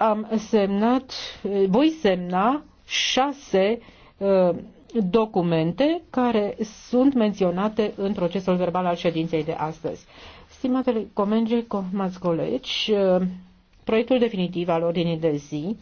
am semnat, voi semna șase uh, documente care sunt menționate în procesul verbal al ședinței de astăzi. Stimatele comenge, comați colegi, uh, proiectul definitiv al ordinii de zi